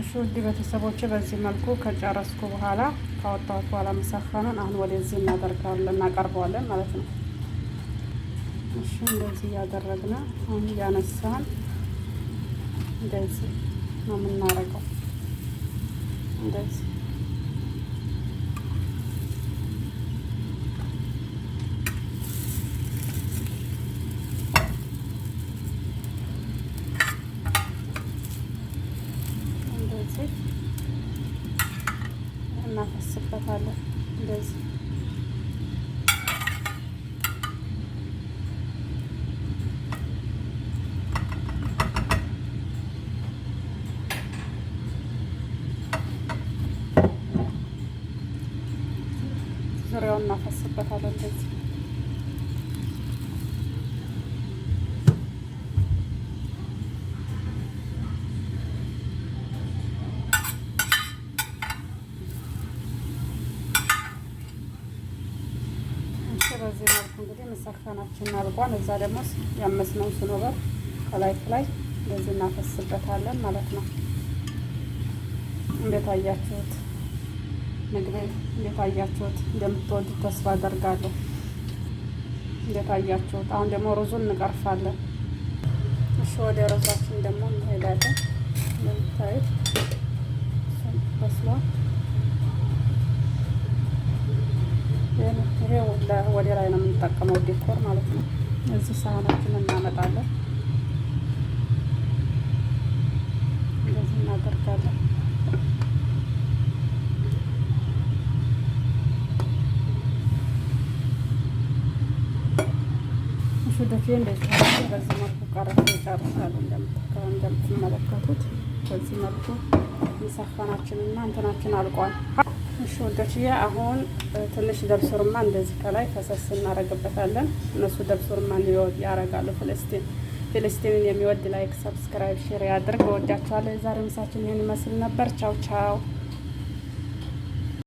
እሺ ውድ ቤተሰቦች በዚህ መልኩ ከጨረስኩ በኋላ ካወጣሁት በኋላ መሰፈኑን አሁን ወደዚህ እናደርጋለን እናቀርበዋለን ማለት ነው። እሺ እንደዚህ እያደረግን አሁን እያነሳን እንደዚህ ነው የምናደርገው እንደዚህ እንደዚህ እናፈስበታለን። እንደዚህ ዙሪያውን እናፈስበታለን እንደዚህ በዚህ መልኩ እንግዲህ መሰፈናችን አልቋን እዛ ደግሞ ያመስነው ስኖበር ከላይ ከላይ እንደዚህ እናፈስበታለን ማለት ነው። እንዴት አያችሁት? ምግቤ እንዴት አያችሁት? እንደምትወዱት ተስፋ አደርጋለሁ። እንዴት አያችሁት? አሁን ደግሞ ሩዙን እንቀርፋለን። እሺ፣ ወደ ሩዛችን ደግሞ እንሄዳለን። እንደምታዩት በስሏል። ይሄ ወደ ላይ ነው የምንጠቀመው ዴኮር ማለት ነው። እዚህ ሳህናችን እናመጣለን፣ እንደዚህ እናደርጋለን። እሺ ደፊ እንደዚህ በዚህ መልኩ ቀረፍ ይጨርሳሉ። እንደምትመለከቱት በዚህ መልኩ ሰፋናችንና እንትናችን አልቋል። እሺ ወዶችዬ አሁን ትንሽ ደብስ ርማን እንደዚህ ከላይ ፈሰስ እናደርግበታለን። እነሱ ደብስ ርማን ያደርጋሉ። ፍልስጤን ፍልስጤንን የሚወድ ላይክ፣ ሰብስክራይብ፣ ሼር ያድርግ። እወዳችኋለሁ። የዛሬ ምሳችን ይህን ይመስል ነበር። ቻው ቻው።